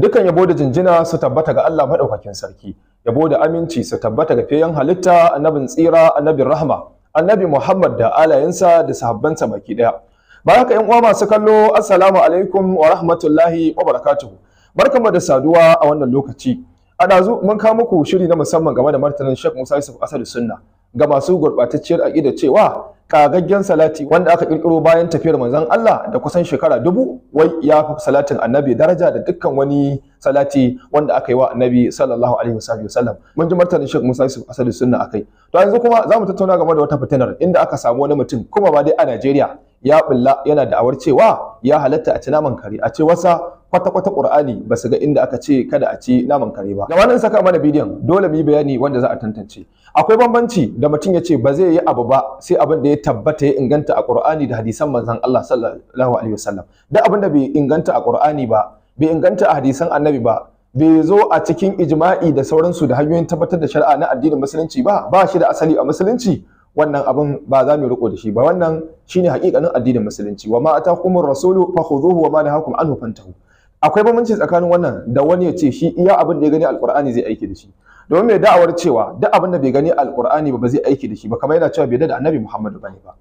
dukan yabo da jinjina su tabbata ga Allah maɗaukakin sarki yabo da aminci su tabbata ga feyan halitta annabin tsira annabin rahma annabi Muhammad da alayensa da sahabbansa baki daya baraka yan uwa masu kallo assalamu alaikum wa rahmatullahi wa barakatuhu barkamu da saduwa a wannan lokaci a dazu mun kawo muku shiri na musamman game da martanin Sheikh Musa Yusuf Asadu Sunna ga masu gurbatacciyar aqida cewa kagaggen salati wanda aka kirkiro bayan tafiyar manzon Allah da kusan shekara dubu wai ya fi salatin annabi daraja da dukkan wani salati wanda aka yi wa annabi sallallahu alaihi wasallam mun ji martanin Sheikh Musa Yusuf Asadu Sunna akai to yanzu kuma za mu tattauna game da wata fitinar inda aka samu wani mutum kuma ba dai a Najeriya ya bulla yana da'awar cewa ya halatta a ci naman kare a ce wasa kwata-kwata Qur'ani ba su ga inda aka ce kada a ci naman kare ba. Gabanin saka mana bidiyon dole mu yi bayani wanda za a tantance. Akwai bambanci da mutum ya ce ba zai yi abu ba sai abin da ya tabbata ya inganta a Qur'ani da hadisan manzon Allah sallallahu alaihi wasallam duk abin da bai inganta a Qur'ani ba bai inganta a hadisan annabi ba bai zo a cikin ijma'i da sauransu da hanyoyin tabbatar da shari'a na addinin musulunci ba ba shi da asali a musulunci wannan abin ba za mu riko da shi ba wannan shine hakikanin addinin musulunci wa ma atakumur rasulu fakhuduhu wa ma nahakum anhu fantahu akwai bambanci tsakanin wannan da wani ya ce shi iya abin da ya gani alqur'ani zai aiki da shi domin mai da'awar cewa duk abin da bai gani alkurani ba ba zai aiki da shi ba kamar yana cewa bai da annabi muhammadu bane ba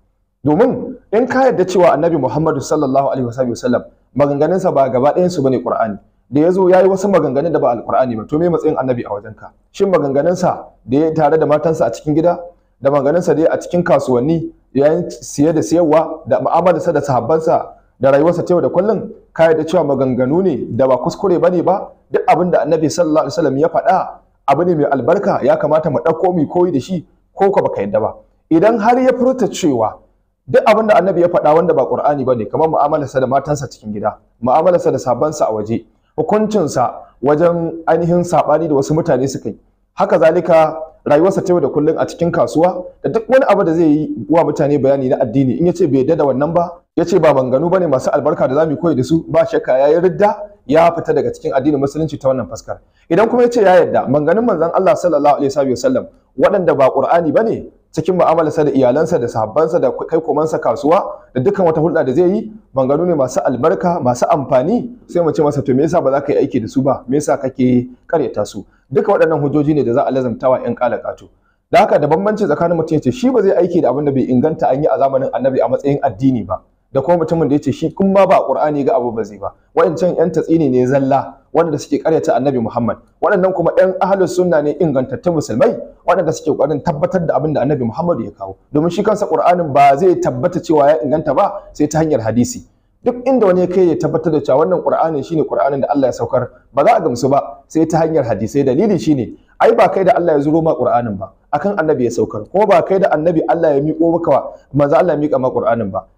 domin in ka yarda cewa annabi muhammadu sallallahu alaihi wasallam maganganunsa ba gaba ɗayan su bane qur'ani da ya zo ya yi wasu maganganun da ba alkur'ani ba to me matsayin annabi a wajenka shin maganganunsa da ya tare da matansa a cikin gida da maganganunsa da ya a cikin kasuwanni yayin siye da siyarwa da mu'amalarsa da sahabbansa da rayuwarsa ta yau da kullum ka da cewa maganganu ne da ba kuskure ba ne ba duk abin da annabi sallallahu alaihi wasallam ya faɗa abu ne mai albarka ya kamata mu ɗauko mu koyi da shi ko ka baka yadda ba idan har ya furta cewa duk abin da annabi ya faɗa wanda ba qur'ani bane kamar mu'amalarsa da matansa cikin gida mu'amalarsa da sabansa a waje hukuncinsa wajen ainihin saɓani da wasu mutane suka yi haka zalika rayuwarsa ta yau da kullum a cikin kasuwa da duk wani abu da zai yi wa mutane bayani na addini in yace bai yadda da wannan ba ce ba banganu bane masu albarka da zamu koyi da su ba shakka yi ridda ya fita daga cikin addinin musulunci ta wannan fuskar idan kuma ya ce ya yarda manganin manzan Allah sallallahu alaihi wasallam waɗanda ba Qur'ani bane cikin mu'amalarsa da iyalansa da sahabbansa da kai komansa kasuwa da dukkan wata hulɗa da zai yi manganu ne masu albarka masu amfani sai mu ce masa to me yasa ba za ka yi aiki da su ba me yasa kake karyata su duka waɗannan hujjoji ne da za a lazamtawa ƴan kalakato da haka da bambanci tsakanin mutum ya ce shi ba zai aiki da abin da bai inganta an yi a zamanin annabi a matsayin addini ba da kuma mutumin da yace shi kun ma ba Qur'ani ga abu ba zai ba wa'ancan yan tatsini ne zalla wanda suke karyata Annabi Muhammad waɗannan kuma yan ahlus sunna ne ingantattun musulmai waɗanda suke ƙoƙarin tabbatar da abin da Annabi Muhammad ya kawo domin shi kansa Qur'anin ba zai tabbata cewa ya inganta ba sai ta hanyar hadisi duk inda wani kai ya tabbatar da cewa wannan Qur'anin shine Qur'anin da Allah ya saukar ba za a gamsu ba sai ta hanyar hadisi. dalili shine ai ba kai da Allah ya zuro ma Qur'anin ba akan Annabi ya saukar kuma ba kai da Annabi Allah ya miƙo maka manzo Allah ya miƙa ma Qur'anin ba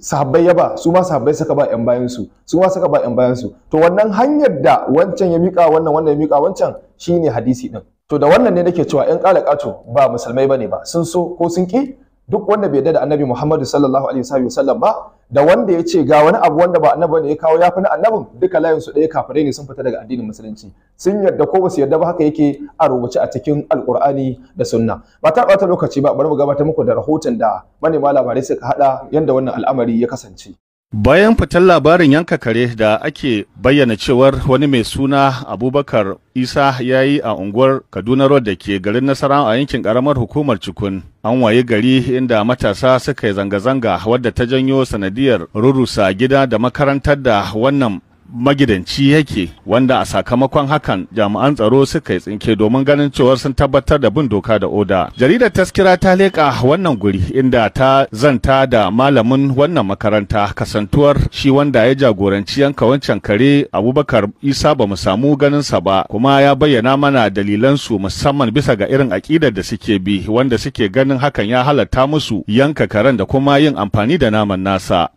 sahabbai ya ba su ma sahabbai suka ba yan bayan su su ma suka ba yan bayan su to wannan hanyar da wancan ya mika wannan wannan ya mika wancan shine hadisi din to da wannan ne nake cewa yan kala kato ba musulmai bane ba sun so ko sun ki duk wanda bai da annabi Muhammadu sallallahu alaihi wasallam ba da wanda ya ce ga wani abu wanda ba annabi ne ya kawo ya fi na annabin duka layin su ɗaya kafirai ne sun fita daga addinin musulunci sun yarda ko ba su yarda ba haka yake a rubuce a cikin alkur'ani da sunna ba ta ɓata lokaci ba bari mu gabatar muku da rahoton da manema labarai suka haɗa yadda wannan al'amari ya kasance Bayan fitar labarin yanka kare da ake bayyana cewar wani mai suna Abubakar Isa ya yi a unguwar Kaduna Road da ke garin Nasarawa a yankin ƙaramar hukumar Cikun, an waye gari inda matasa suka yi zanga-zanga wadda ta janyo sanadiyar rurusa gida da makarantar da wannan magidanci yake wanda a sakamakon hakan jami'an tsaro suka yi tsinke domin ganin cewar sun tabbatar da bin doka da oda jaridar taskira ta leƙa wannan guri inda ta zanta da malamin wannan makaranta kasantuwar shi wanda ya jagoranci yanka wancan kare abubakar isa ba mu samu ganin sa ba kuma ya bayyana mana dalilan su musamman bisa ga irin aƙidar da suke bi wanda suke ganin hakan ya halatta musu yanka karen da kuma yin amfani da naman nasa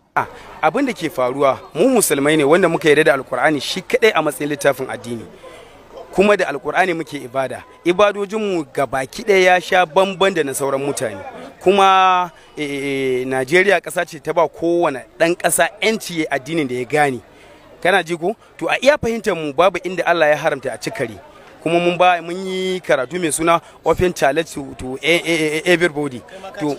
abin da ke faruwa mu musulmai ne wanda muka yarda da alkur'ani shi kadai a matsayin littafin addini kuma da alkur'ani muke ibada ibadojinmu baki ɗaya ya sha bamban da na sauran mutane kuma eh, eh, eh, najeriya ƙasa ce ta ba kowane ɗan ƙasa 'yanci addinin da ya gane kana ji ko to a iya fahimtar mu babu inda allah ya haramta a cikari kuma mun ba mun yi karatu mai suna open challenge to everybody to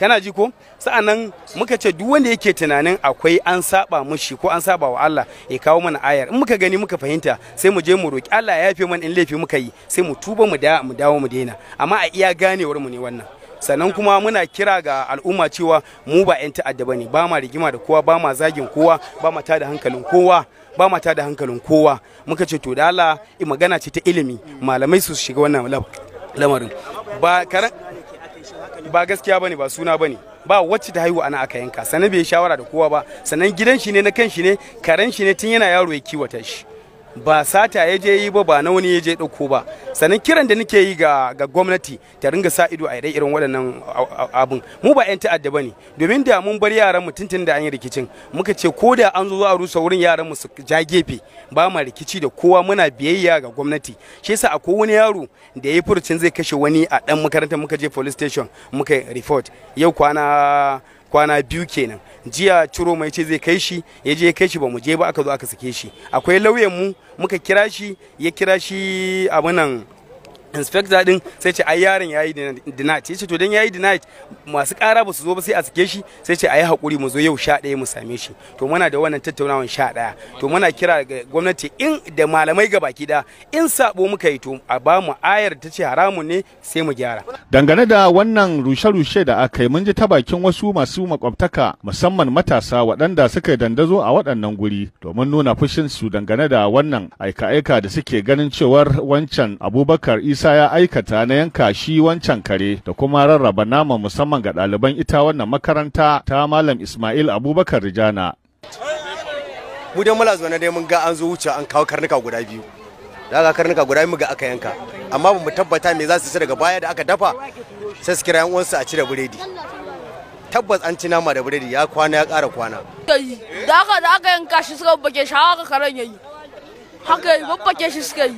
kana ji ko sa'annan muka ce duk wanda yake tunanin akwai an saba mushi ko an saba wa Allah ya kawo mana ayar in muka gani muka fahimta sai mu je mu roki Allah ya yafe mana in laifi muka yi sai mu tuba mu da mu dawo mu daina amma a iya ganewar mu ne wannan sannan kuma muna kira ga al'umma cewa mu ba 'yan ta'adda ba ne ba ma rigima da kowa ba ma zagin kowa ba ma tada hankalin kowa ba ma tada hankalin kowa muka ce to da Allah magana ce ta ilimi malamai su shiga wannan lamarin ba karan ba gaskiya bane ba suna bane ba wacce ta haihu ana aka yanka sannan bai shawara da kowa ba sannan gidan shi ne na kan shi ne karen shi ne tun yana yaro ya kiwata shi ba sata ya je yi ba ba na wani ya je dauko ba sannan kiran da nake yi ga gwamnati ta ringa sa ido a yi irin waɗannan abin mu ba 'yan ta'adda ba ne domin da mun bar yaran mu tuntun da an yi rikicin muka ce ko da an zo a rusa wurin yaran mu su ja gefe ba ma rikici da kowa muna biyayya ga gwamnati shi yasa akwai wani yaro da ya furucin zai kashe wani a dan makarantar muka je police station muka report yau kwana kwana biyu kenan jiya ciro mai ce zai kai shi ya je kai shi ba mu je ba aka zo aka sake shi akwai lauyan mu muka kira shi ya kira shi abunan inspector din sai ce ai yaron yayi denied yace to dan yayi denied masu kara ba su zo ba sai a sike shi sai ce ai hakuri mu zo yau sha ɗaya mu same shi to muna da wannan tattaunawan sha ɗaya to muna kira ga gwamnati in da malamai ga baki da in sabo muka yi to a ba mu ayar ta ce haramun ne sai mu gyara dangane da wannan rushe-rushe da aka yi mun ji ta bakin wasu masu makwabtaka musamman matasa waɗanda suka dandazo a waɗannan guri domin nuna fushin su dangane da wannan aika-aika da suke ganin cewar wancan Abubakar Isa Isa ya aikata na yanka shi wancan kare da kuma rarraba nama musamman ga ɗaliban ita wannan makaranta ta Malam Ismail Abubakar Rijana. Mu dai mula zaune dai mun ga an zo wuce an kawo karnuka guda biyu. Daga karnuka guda biyu ga aka yanka. Amma ba mu tabbata me za su ci daga baya da aka dafa sai su kira uwansu a ci da buredi. Tabbas an ci nama da buredi ya kwana ya ƙara kwana. Da aka da aka yanka shi suka bake shawa ka karen yayi. haka yi babbake shi suke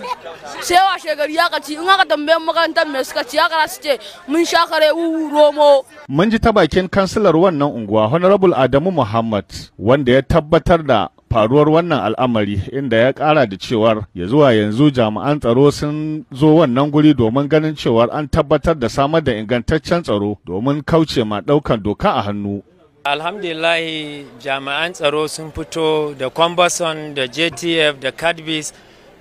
sewa sai wa ya kaci in haka tambayar makarantar mai suka ci haka su ce mun sha kare romo. mun ji ta bakin kansilar wannan unguwa honorable adamu muhammad wanda ya tabbatar da faruwar wannan al'amari inda ya kara da cewar ya zuwa yanzu jami'an tsaro sun zo wannan guri domin ganin cewar an tabbatar da samar da ingantaccen tsaro domin kauce ma daukan doka a hannu alhamdulillahi jami'an tsaro sun fito da kwambason da jtf da cadbis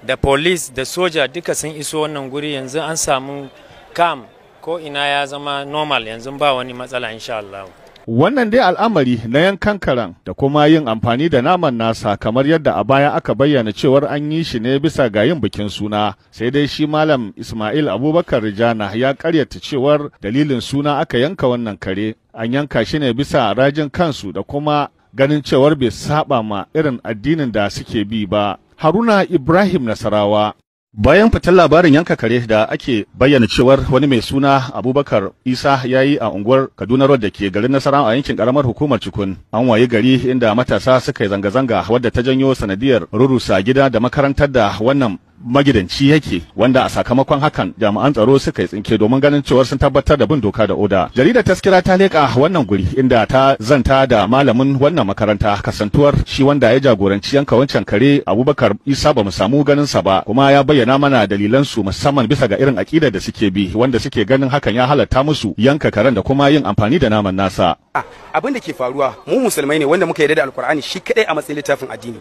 da police da soja duka sun iso wannan guri yanzu an samu kam ko ina ya zama normal yanzu ba wani matsala insha Allah. Wannan dai al'amari na yankan karan da kuma yin amfani da naman nasa kamar yadda a baya aka bayyana cewar an yi shi ne bisa ga yin bikin suna sai dai shi malam Ismail Abubakar Rijana ya karyata cewar dalilin suna aka yanka wannan kare an yanka shi ne bisa rajin kansu da kuma ganin cewar bai saba ma irin addinin da suke bi ba. Haruna Ibrahim Nasarawa Bayan fitar labarin yanka kare da ake bayyana cewar wani mai suna Abubakar Isa ya yi a unguwar Kaduna Road da ke garin nasara a yankin karamar hukumar Cikun. An wayi gari inda matasa suka yi zanga-zanga wadda ta janyo sanadiyar rurusa gida da makarantar da wannan magidanci yake wanda a sakamakon hakan jami'an tsaro suka yi tsinke domin ganin cewar sun tabbatar da bin doka da oda jaridar taskira ta leƙa wannan guri inda ta zanta da malamin wannan makaranta kasantuwar shi wanda ya jagoranci yanka wancan kare abubakar isa ba mu samu ganin sa ba kuma ya bayyana mana dalilan su musamman bisa ga irin aƙidar da suke bi wanda suke ganin hakan ya halatta musu yanka karen da kuma yin amfani da naman nasa ah, abin da ke faruwa mu musulmai ne wanda muka yarda da alkur'ani shi kadai a matsayin littafin addini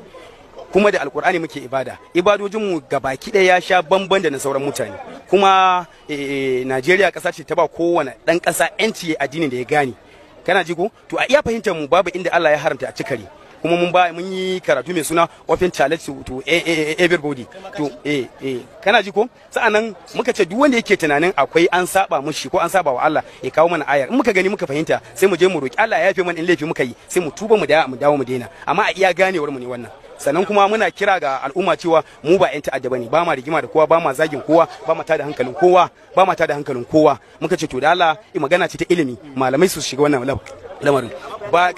kuma da alkur'ani muke ibada ibadojinmu baki ɗaya ya sha bamban da na sauran mutane kuma eh, eh, najeriya ƙasa ce ta ba kowane ɗan ƙasa 'yanci addini da ya gane kana ji ko to a iya fahimtar mu babu inda Allah ya haramta a cikari kuma mun ba mun yi karatu mai suna open challenge to eh, everybody to eh eh kana ji ko sa'annan muka ce duk wanda yake tunanin akwai an saba mushi ko an saba wa Allah ya kawo mana ayar in muka gani muka fahimta sai mu je mu roki Allah ya yafe mana in laifi muka yi sai mu tuba mu da mu dawo mu daina amma a iya ganewar mu ne wannan sannan kuma muna kira ga al'umma cewa mu ba yan ta'adda bane ba ma rigima da kowa ba ma zagin kowa ba ma tada hankalin kowa ba ma tada hankalin kowa muka ce to da Allah magana ce ta ilimi malamai su shiga wannan lamarin ba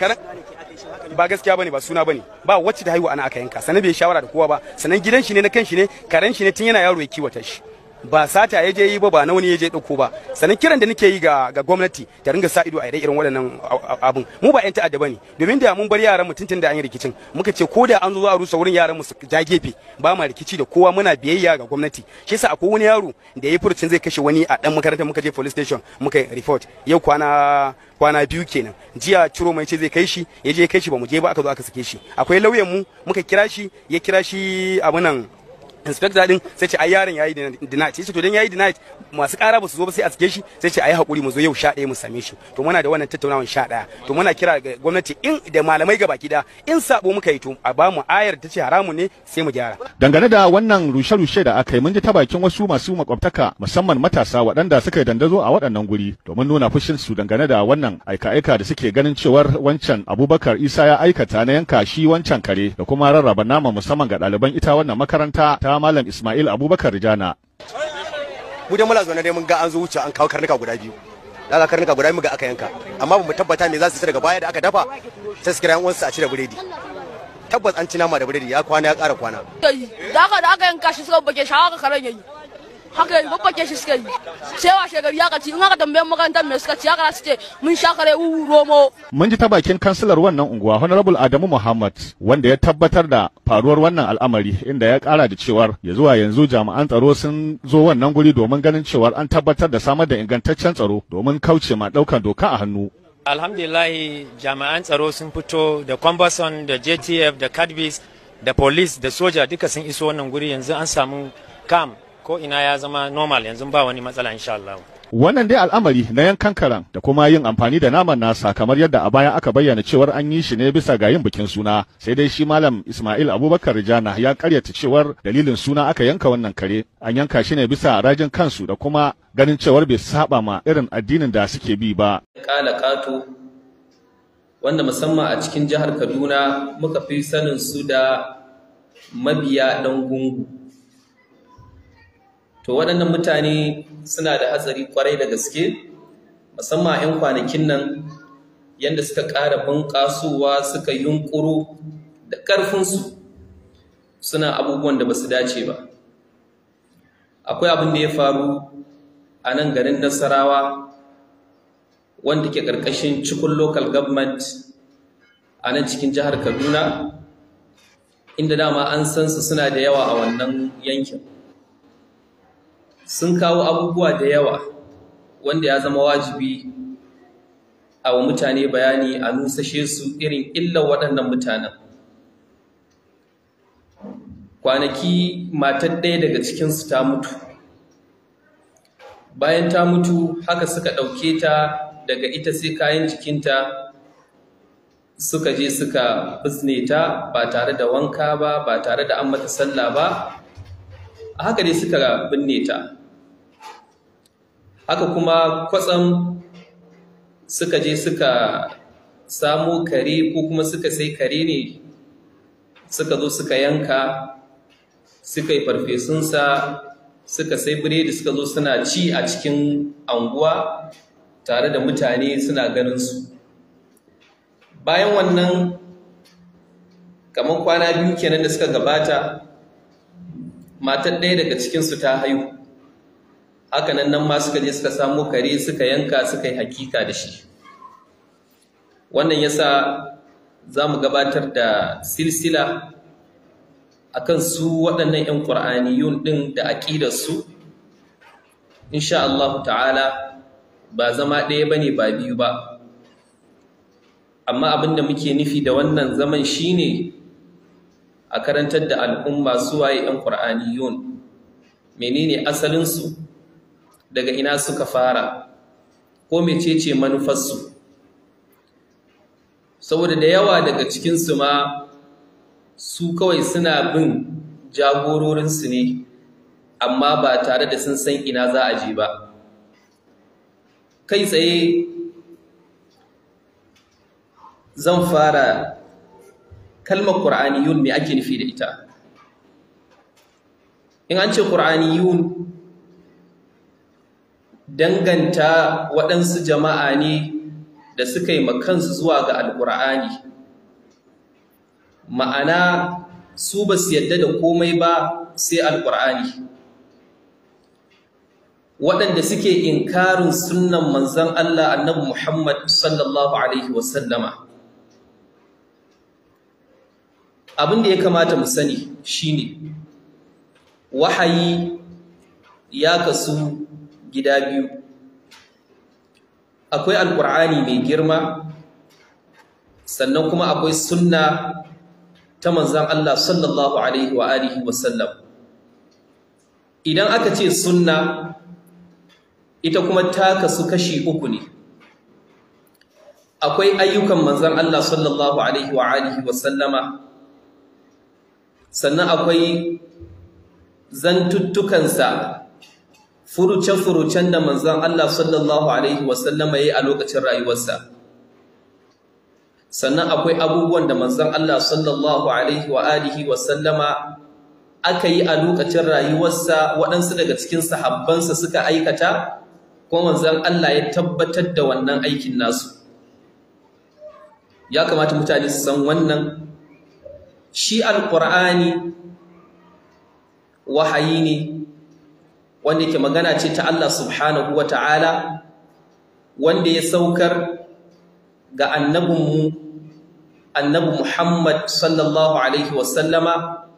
ba gaskiya bane ba suna bane ba wacce da haihu ana aka yanka sanan bai shawara da kowa ba sanan gidan shi ne na kan shi ne karen shi ne tun yana yaro ya kiwata shi ba sata ya je yi ba ba na wani ya je dauko ba sannan kiran da nake yi ga ga gwamnati ta ringa sa ido a irin waɗannan abun mu ba yan ta'adda bane domin da mun bar yaran mu tuntun da an rikicin muka ce ko da an zo a rusa wurin yaran mu su ja gefe ba ma rikici da kowa muna biyayya ga gwamnati shi yasa akwai wani yaro da ya furucin zai kashe wani a dan makarantar muka je police station muka report yau kwana kwana biyu kenan jiya ciro mai ce zai kai shi ya je kai shi ba mu je ba aka zo aka sake shi akwai lauyan mu muka kira shi ya kira shi abunan inspector din sai ce ai yaron yayi denied sai ce to dan yayi denied masu kara ba su zo ba sai a sake shi sai ce ai hakuri mu zo yau sha ɗaya mu same shi to muna da wannan tattaunawar sha ɗaya to muna kira ga gwamnati in da malamai baki da in sabo muka yi to a ba mu ayar ta ce haramun ne sai mu gyara dangane da wannan rushe-rushe da aka yi mun ji ta bakin wasu masu makwabtaka musamman matasa waɗanda suka yi dandazo a waɗannan guri domin nuna fushin su dangane da wannan aika-aika da suke ganin cewar wancan Abubakar Isa ya aikata na yanka shi wancan kare da kuma rarraba nama musamman ga ɗaliban ita wannan makaranta ta faɗa Malam Ismail Abubakar jana. Mu dai muna zaune dai mun ga an zo wuce an kawo karnuka guda biyu. da aka karnuka guda biyu ga aka yanka. Amma ba mu tabbata me za su ci daga baya da aka dafa sai su yan uwansu a ci da buredi. Tabbas an ci nama da buredi ya kwana ya ƙara kwana. Da aka yanka shi suka bake shawa ka karen yayi. haka yanzu babbake shi suka yi sai wa shekaru ya kaci in haka tambayar makarantar mai suka ci haka su ce mun sha kare wu romo. mun ji ta bakin kansilar wannan unguwa honorable adamu muhammad wanda ya tabbatar da faruwar wannan al'amari inda ya kara da cewar ya zuwa yanzu jami'an tsaro sun zo wannan guri domin ganin cewar an tabbatar da samar da ingantaccen tsaro domin kauce ma daukan doka a hannu. alhamdulillahi jami'an tsaro sun fito da kwambason da jtf da kadbis da police da soja duka sun iso wannan guri yanzu an samu kam ko ina ya zama normal yanzu ba wani matsala insha Allah. Wannan dai al'amari na yankan karan da kuma yin amfani da naman nasa kamar yadda a baya aka bayyana cewar an yi shi ne bisa ga yin bikin suna sai dai shi malam Ismail Abubakar Rijana ya karyata cewar dalilin suna aka yanka wannan kare an yanka shi ne bisa rajin kansu da kuma ganin cewar bai saba ma irin addinin da suke bi ba. Kala wanda musamman a cikin jihar Kaduna muka fi sanin su da mabiya dan gungu. to waɗannan mutane suna da hatsari kwarai da gaske musamman 'yan kwanakin nan yadda suka ƙara bunƙasowa suka yunƙuro da ƙarfinsu suna abubuwan da ba su dace ba akwai abin da ya faru a nan garin nasarawa wanda ke ƙarƙashin cikin local government a nan cikin jihar kaduna inda dama an san su suna da yawa a wannan yankin sun kawo abubuwa da yawa wanda ya zama wajibi a wa mutane bayani a nusashe su irin illar waɗannan mutanen kwanaki matar ɗaya daga cikinsu ta mutu bayan ta mutu haka suka ɗauke ta daga ita sai kayan jikinta suka je suka bizne ta ba tare da wanka ba ba tare da an mata sallah ba haka dai suka binne ta haka kuma kwatsam suka je suka samo kare ko kuma suka sai kare ne suka zo suka yanka suka yi farfesunsa suka sai biredi suka zo suna ci a cikin anguwa tare da mutane suna ganin su bayan wannan kamar kwana biyu kenan da suka gabata matar ɗaya daga cikinsu ta haihu haka nan nan ma suka je suka samu kare suka yanka suka yi hakika da shi wannan yasa za mu gabatar da silsila akan su waɗannan 'yan ƙur'aniyun ɗin da aƙidarsu insha Allah ta'ala ba zama ɗaya ba ne ba biyu ba amma abinda muke nufi da wannan zaman shine a karantar da al'umma suwaye 'yan ƙur'aniyun menene asalinsu daga ina suka fara ko mecece manufarsu saboda da yawa daga cikinsu ma su kawai suna bin jagororinsu ne amma ba tare da sun san ina za a je ba kai tsaye zan fara kalmar ƙur'aniyun me ake nufi da ita in an ce ƙur'aniyun danganta waɗansu jama'a ne da suka yi makansu zuwa ga alƙur'ani ma'ana su ba su yadda da komai ba sai alƙur'ani waɗanda suke inkarin sunnan manzon Allah annabi Muhammad sallallahu Alaihi wasallama abin da ya kamata mu sani shine wahayi ya kasu gida biyu akwai alkur'ani mai girma sannan kuma akwai sunna ta manzan Allah sallallahu alaihi wa alihi wasallam idan aka ce sunna ita kuma ta kasu kashi uku ne akwai ayyukan manzan Allah sallallahu alaihi wa alihi wasallama sannan akwai zantuttukansa furuce-furucen da manzan Allah sallallahu Alaihi wasallama ya yi a lokacin rayuwarsa sannan akwai abubuwan da manzan Allah sallallahu Alaihi wa alihi wasallama aka yi a lokacin rayuwarsa waɗansu daga cikin sahabbansa suka aikata kuma manzan Allah ya tabbatar da wannan aikin nasu ya kamata mutane su san wannan shi alƙur'ani wahayi ne wanda ke magana ce ta Allah subhanahu wa ta'ala wanda ya saukar ga annabinmu annabi Muhammad sallallahu Alaihi wasallama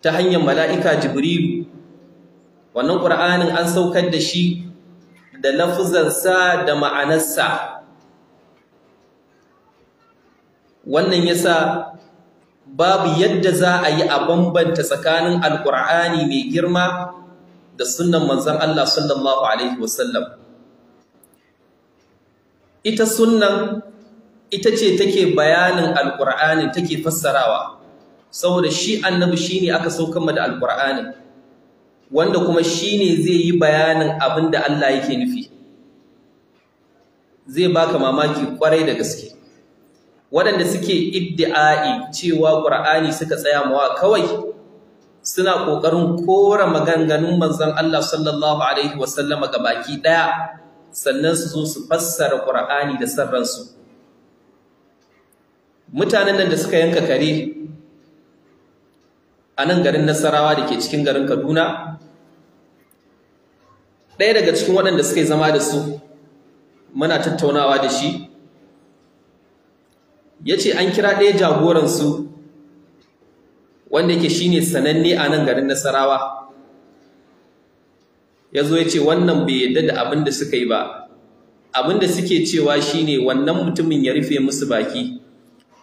ta hanyar mala'ika Jibrilu wannan ƙur'anin an saukar da shi da lafuzansa da ma'anarsa wannan yasa babu yadda za a yi a bambanta tsakanin alkur'ani mai girma da sunan manzan Allah sallallahu Alaihi wasallam ita sunan ita ce take bayanin alkur'ani take fassarawa saboda shi annabi shi ne aka saukanmu da alkur'ani wanda kuma shi ne zai yi bayanin abin da Allah yake nufi zai baka mamaki kwarai da gaske waɗanda suke iddi'ai cewa ƙur'ani suka tsaya mawa kawai suna ƙoƙarin kora maganganun manzon Allah sallallahu alaihi wasallama ga baki ɗaya sannan su zo su fassara ƙur'ani da sarransu mutanen nan da suka yanka kare a nan garin nasarawa da ke cikin garin kaduna ɗaya daga cikin waɗanda suka yi zama da su muna tattaunawa da shi ya ce an kira ɗaya jagoransu wanda yake ne sananne a nan garin nasarawa ya zo ya ce wannan bai yadda da abin da suka yi ba abin da suke cewa shi ne wannan mutumin ya rufe musu baki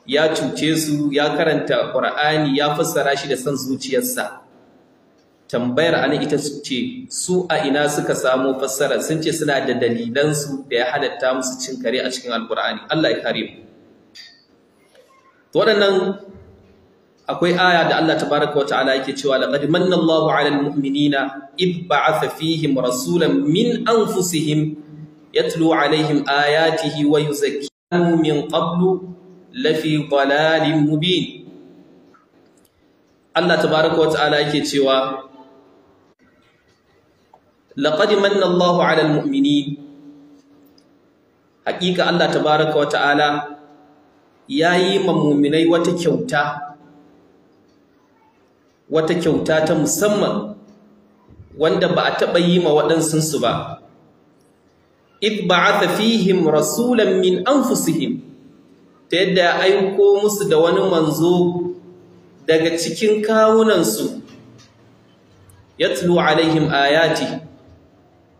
ya cuce su ya karanta ƙur'ani ya fassara shi da son zuciyarsa tambayar ana ita ce su a ina suka samo fassara sun ce suna da dalilansu da ya halatta musu cin kare a cikin alƙur'ani allah ya kare mu waɗannan akwai aya da Allah tabaraka wa ta'ala yake cewa laqad manna Allahu 'alal mu'minina id ba'atha fihim rasulan min anfusihim yatlu 'alayhim ayatihi wa yuzakkihim min qablu fi dalalin mubin Allah tabaraka wa ta'ala yake cewa laqad manna Allahu 'alal mu'minin haqiqa Allah tabaraka wa ta'ala ya yi mamuminai wata kyauta wata kyauta ta musamman wanda ba a taɓa yi ma waɗansunsu ba a ba'atha fihim rasulan min anfusihim ta yadda ya aiko musu da wani manzo daga cikin kawunansu tulu alaihim ayati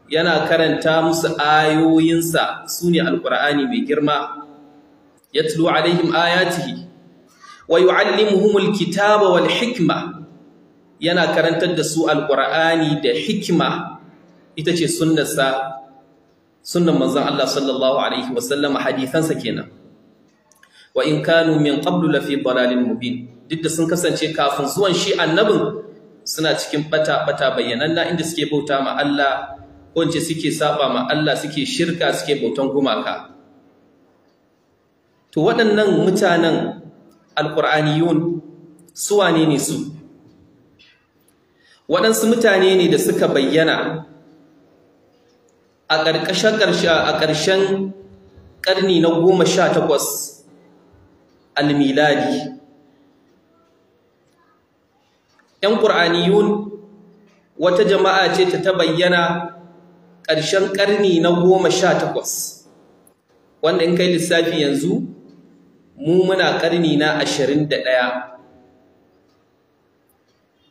yana karanta musu ayoyinsa su ne mai girma Ya yatlu alaihim ayatihi wa yu'allimuhumul kitaba wal hikma yana karantar da su alqur'ani da hikma ita ce sunnarsa sunnan manzon Allah sallallahu alaihi wasallam hadisansa kenan wa in kanu min qablu la fi dalalin mubin duk da sun kasance kafin zuwan shi annabin suna cikin bata bata bayyananna inda suke bauta ma Allah suke saba ma Allah suke shirka suke bautan gumaka to waɗannan mutanen alƙur'aniyun su wane ne su waɗansu mutane ne da suka bayyana a ƙarshen ƙarni na goma sha takwas almiladi ‘yan ƙur'aniyun wata jama'a ce ta ta bayyana ƙarshen ƙarni na goma sha takwas wanda in kai lissafi yanzu mu muna ƙarni na ashirin da ɗaya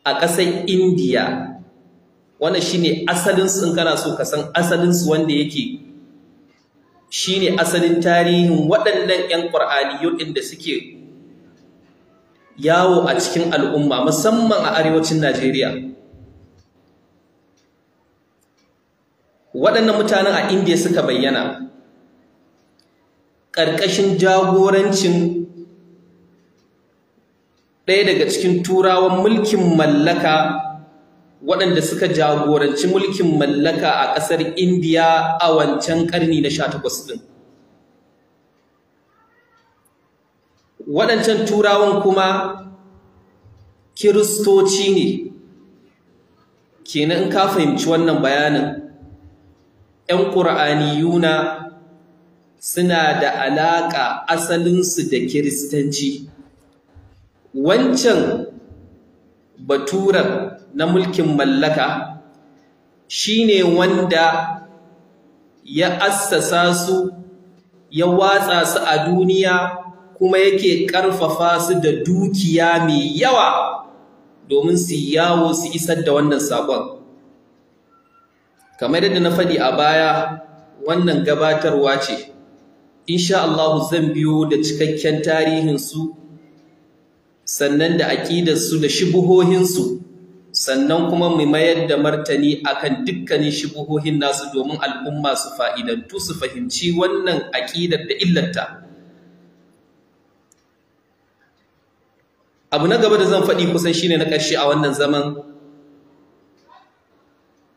a ƙasar indiya wannan shine asalinsu in kana so ka san asalinsu wanda yake shine asalin tarihin waɗannan 'yan ƙwar'aniyun inda suke yawo a cikin al'umma musamman a arewacin najeriya waɗannan mutanen a indiya suka bayyana ƙarƙashin jagorancin ɗaya daga cikin turawan mulkin mallaka waɗanda suka jagoranci mulkin mallaka a ƙasar indiya a wancan ƙarni na 18 ɗin waɗancan turawan kuma kiristoci ne kenan in ka fahimci wannan bayanin ‘yan ƙura'ani yuna suna da alaƙa asalinsu da kiristanci wancan baturan na mulkin mallaka shine wanda ya assasa su ya watsa su a duniya kuma yake ƙarfafa su da dukiya mai yawa domin su yawo su isar da wannan saƙon kamar yadda na faɗi a baya wannan gabatarwa ce insha Allah zan biyo da cikakken tarihin su sannan da aƙidarsu da shubuhohinsu sannan kuma mu mayar da martani akan dukkanin shubuhohin nasu domin al'umma su fa'idantu su fahimci wannan aƙidar da illarta abu na gaba da zan faɗi kusan shine na ƙarshe a wannan zaman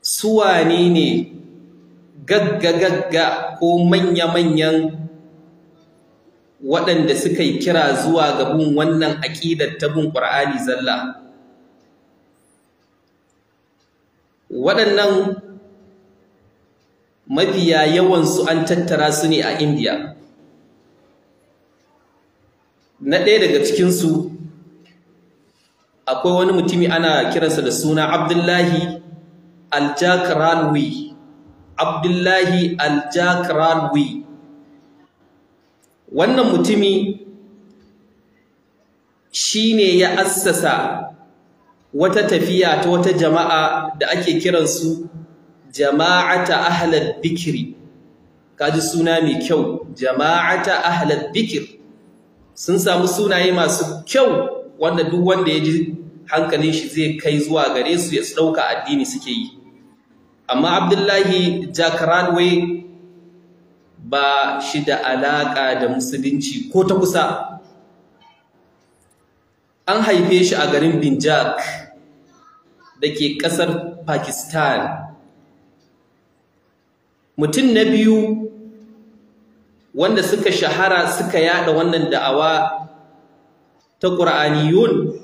suwane ne gagga-gagga ko manya-manyan waɗanda suka yi kira zuwa ga bin wannan aƙidar ta bin ƙur'ani zalla waɗannan mafiya yawansu an tattara su ne a indiya na ɗaya daga cikinsu akwai wani mutumi ana kiransa da suna abdullahi aljakaralwi abdullahi aljakaralwi wannan mutumi shi ne ya assasa wata tafiya ta wata jama'a da ake kiransu jama'ata ahalar bikiri kaji suna mai kyau jama'ata ahalar bikir sun samu sunaye masu kyau wanda duk wanda ya ji hankalin shi zai kai zuwa gare su ya ɗauka addini suke yi amma abdullahi jack ba shi da alaƙa da musulunci ko ta kusa an haife shi a garin binjak da ke ƙasar pakistan mutum na biyu wanda suka shahara suka yada wannan da'awa ta ƙura'aniyun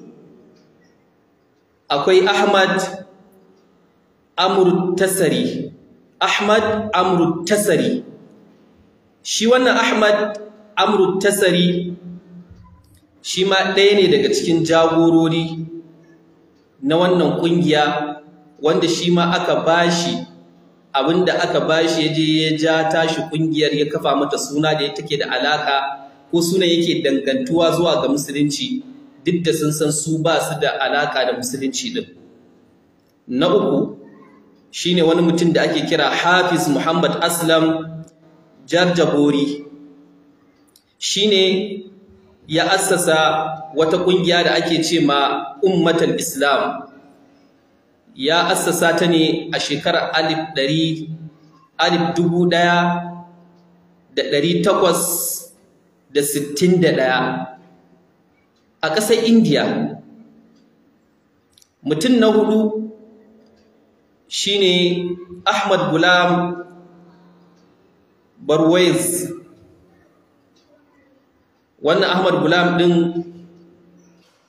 akwai ahmad amurtasari ahmad amurtasari shi wannan ahmad amru tasari shi ma ɗaya ne daga cikin jagorori na wannan ƙungiya wanda shi ma aka bashi abinda aka bashi ya je ya ja tashi ƙungiyar ya kafa mata suna da ya take da alaka ko suna yake dangantuwa zuwa ga musulunci duk da sun san su ba su da alaka da musulunci din na uku shine wani mutum da ake kira hafiz muhammad aslam jarjabori ne ya assasa wata ƙungiya da ake ce ma ummatan islam ya assasa ta ne a shekarar alif ɗari alif dubu ɗaya da ɗari takwas da sittin da ɗaya a ƙasar indiya mutum na hudu shi ne ahmad gulam Bar barwais wannan ahmad gulam din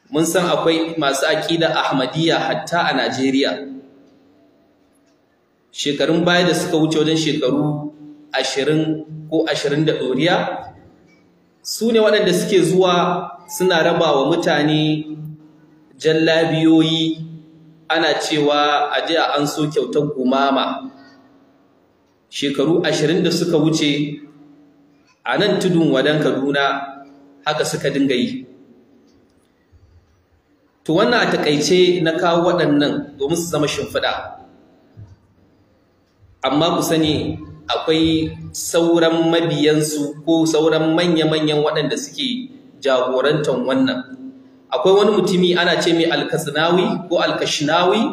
mun san akwai masu aƙida ahmadiyya hatta a najeriya shekarun baya da suka wuce wajen shekaru ashirin ko ashirin da ɗoriya su ne waɗanda suke zuwa suna raba wa mutane jallabiyoyi ana cewa a an so kyautar gumama shekaru ashirin da suka wuce a nan tudun wadan kaduna haka suka dinga yi to wannan a takaice na kawo waɗannan domin su zama shimfiɗa amma ku sani akwai sauran mabiyansu ko sauran manya-manyan waɗanda suke jagorantar wannan akwai wani mutumi ana ce mai alkasinawi ko alkashinawi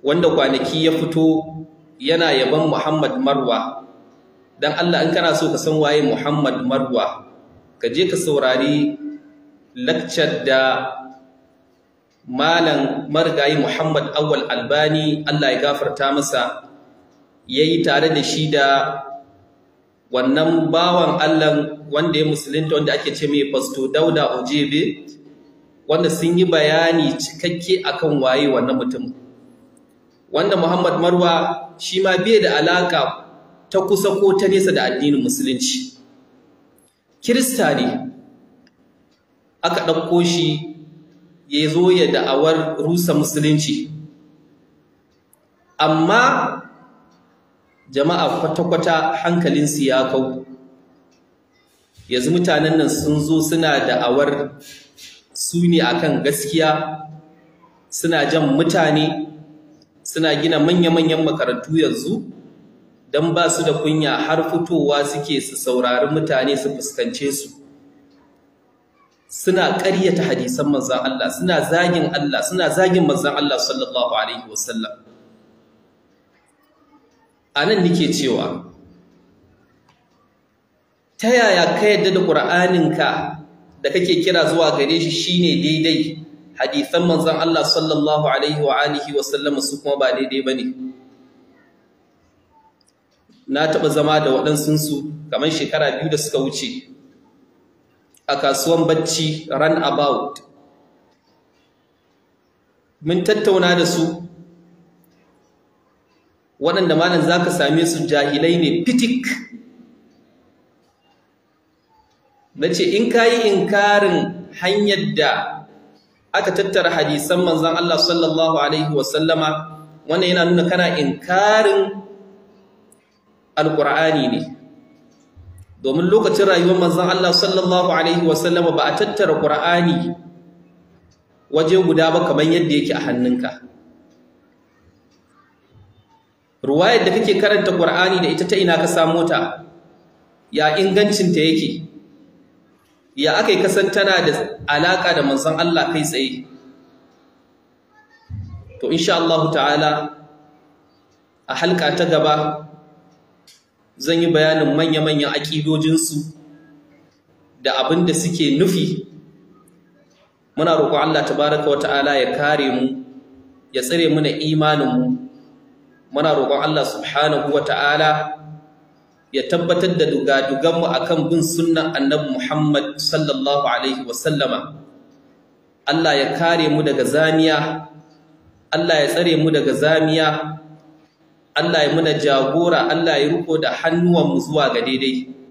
wanda kwanaki ya fito yana yaban Muhammad Marwa dan Allah in kana so ka san waye Muhammad Marwa ka je ka saurari lecture da malam marigayi Muhammad Awal Albani Allah ya gafarta masa yayi tare da shi da wannan bawan Allah wanda ya musulunta wanda ake ce mai Pasto Dauda Ojebe wanda sun yi bayani cikakke akan waye wannan mutum wanda Muhammad Marwa shi ma bai da alaka ta kusa ko ta nesa da addinin musulunci kirista ne aka ɗauko shi ya zo ya da'awar rusa musulunci amma jama'a kwata-kwata hankalinsu ya kau yanzu mutanen nan sun zo suna da'awar su ne akan gaskiya suna jan mutane suna gina manya-manyan makarantu yanzu don ba su da kunya har fitowa suke su saurari mutane su fuskance su suna ƙaryata hadisan manzan Allah suna zagin Allah suna zagin manzan Allah sallallahu alaihi wasallam a nan nake cewa ta yaya ka yadda da ƙura'aninka da kake kira zuwa gare shi shine daidai hadisan manzon Allah sallallahu alaihi wa alihi wa su kuma ba daidai bane na taɓa zama da waɗansu su kamar shekara biyu da suka wuce a kasuwan bacci run about mun tattauna da su waɗanda malam za ka same su jahilai ne fitik na ce in ka yi inkarin hanyar da aka tattara hadisan manzan Allah sallallahu alaihi wasallama wannan yana nuna kana inkarin alkur'ani ne domin lokacin rayuwar manzan Allah sallallahu alaihi wasallama ba a tattara ƙur'ani waje guda ba kamar yadda yake a hannunka ruwayar da kake karanta ƙur'ani da ita ta ina ka samo ta ya ingancinta yake ya aka yi kasan tana da alaƙa da manzan Allah kai tsaye to insha Allah ta'ala a halka ta gaba zan yi bayanin manya-manyan aƙidojinsu da abin da suke nufi muna roƙon Allah tabaraka wa ta'ala ya kare mu ya tsare mana imaninmu muna roƙon Allah subhanahu wa ta'ala ya tabbatar da duga-dugarmu mu akan bin sunnan annabi Muhammad sallallahu alaihi wasallama Allah ya kare mu daga zamiya Allah ya tsare mu daga zamiya Allah ya muna jagora Allah ya riko da hannuwanmu zuwa ga daidai